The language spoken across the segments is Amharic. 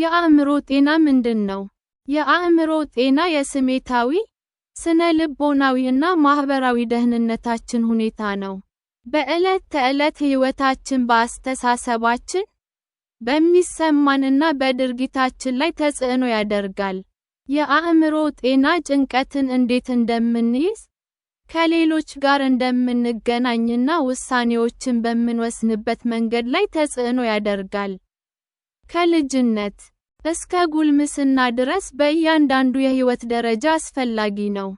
የአእምሮ ጤና ምንድን ነው? የአእምሮ ጤና የስሜታዊ፣ ስነ ልቦናዊ እና ማህበራዊ ደህንነታችን ሁኔታ ነው። በዕለት ተዕለት ሕይወታችን በአስተሳሰባችን፣ በሚሰማንና በድርጊታችን ላይ ተጽዕኖ ያደርጋል። የአእምሮ ጤና ጭንቀትን እንዴት እንደምንይዝ፣ ከሌሎች ጋር እንደምንገናኝና ውሳኔዎችን በምንወስንበት መንገድ ላይ ተጽዕኖ ያደርጋል። ከልጅነት እስከ ጉልምስና ድረስ በእያንዳንዱ የህይወት ደረጃ አስፈላጊ ነው።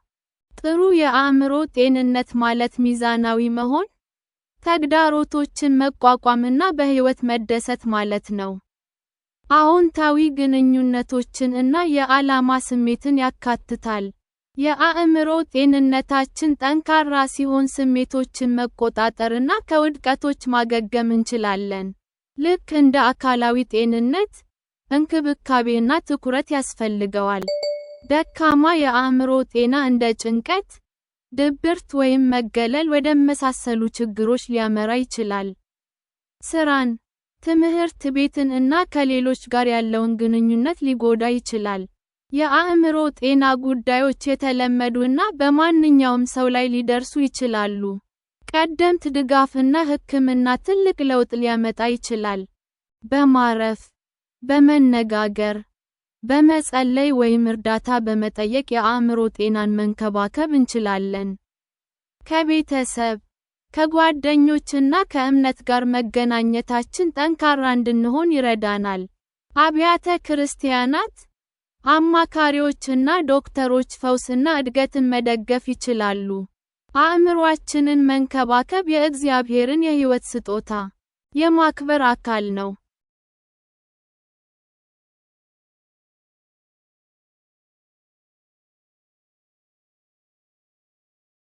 ጥሩ የአእምሮ ጤንነት ማለት ሚዛናዊ መሆን፣ ተግዳሮቶችን መቋቋምና በህይወት መደሰት ማለት ነው። አዎንታዊ ግንኙነቶችን እና የዓላማ ስሜትን ያካትታል። የአእምሮ ጤንነታችን ጠንካራ ሲሆን ስሜቶችን መቆጣጠርና ከውድቀቶች ማገገም እንችላለን። ልክ እንደ አካላዊ ጤንነት፣ እንክብካቤና ትኩረት ያስፈልገዋል። ደካማ የአእምሮ ጤና እንደ ጭንቀት፣ ድብርት ወይም መገለል ወደ መሳሰሉ ችግሮች ሊያመራ ይችላል። ስራን፣ ትምህርት ቤትን እና ከሌሎች ጋር ያለውን ግንኙነት ሊጎዳ ይችላል። የአእምሮ ጤና ጉዳዮች የተለመዱ እና በማንኛውም ሰው ላይ ሊደርሱ ይችላሉ። ቀደምት ድጋፍና ሕክምና ትልቅ ለውጥ ሊያመጣ ይችላል። በማረፍ፣ በመነጋገር፣ በመጸለይ ወይም እርዳታ በመጠየቅ የአእምሮ ጤናን መንከባከብ እንችላለን። ከቤተሰብ፣ ከጓደኞችና ከእምነት ጋር መገናኘታችን ጠንካራ እንድንሆን ይረዳናል። አብያተ ክርስቲያናት፣ አማካሪዎችና ዶክተሮች ፈውስና እድገትን መደገፍ ይችላሉ። አእምሯችንን መንከባከብ የእግዚአብሔርን የሕይወት ስጦታ የማክበር አካል ነው።